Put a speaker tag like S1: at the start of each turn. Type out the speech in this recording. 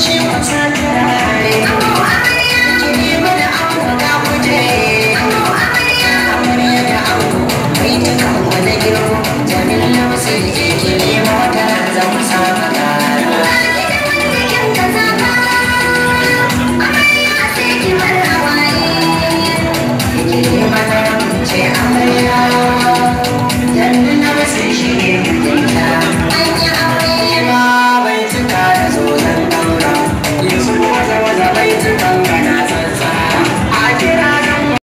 S1: she wants to carry